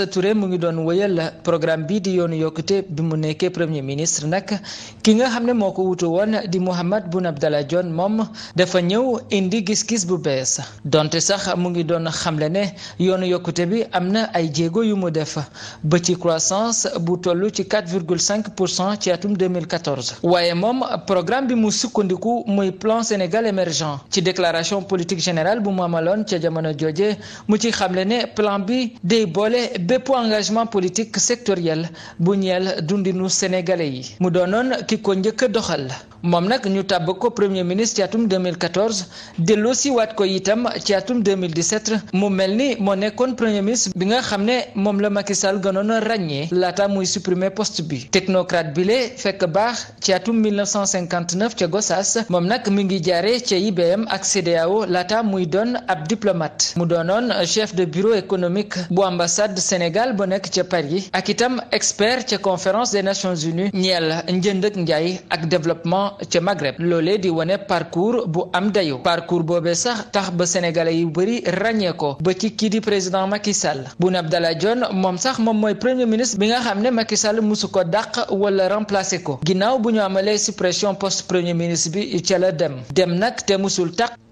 Aminata Touré mu ngi doon wëyal programme bii di yoonu yokkute bi mu nekkee premier ministre nag ki nga xam ne moo ko wutu woon di Mahammed Boun Abdallah Dionne moom dafa ñëw indi gis-gis bu bees donte sax mu ngi doon xamle ne yoonu yokkute bi am na ay jéego yu mu def ba ci croissance bu toll ci 4,5 pour cent ci atum 2014 waaye moom programme bi mu sukkandiku muy plan Sénégal émergent ci déclaration politique général bu mu amaloon ca jamono jooje mu ci xamle ne plan bi day bépp engagement politique sectoriel bu ñeel dundinu sénégalais yi mu doonoon ki ko njëkk a doxal moom nag ñu tàbb ko premier ministre ci atum 2014 delloo si waat ko itam ci atum 2017 mu mel ni moo nekkoon premier ministre bi nga xam ne moom la Macky Sall gënoon ràññee laata muy supprimer post bi technocrate bi lee fekk baax ci atum 1959 ca Gossas moom nag mi ngi jaare ca IBM ak CEDEAO laata muy doon ab diplomate mu doonoon chef de bureau économique bu ambassade Sénégal ba nekk ca Paris ak itam expert ca conférence des Nations Unies ñeel njënd ak njaay ak développement ans ca Maghreb loolee di wane parcours bu am dayo parcours boobee sax tax ba sénégalais yu bëri ràññee ko ba ci kii di président Macky Sall Boun Abdallah Dionne moom sax moom mooy premier ministre bi nga xam ne Macky Sall musu ko dàq wala remplacer ko ginnaaw bu ñu amalee suppression post premier ministre bi ca la dem dem nag te musul tàq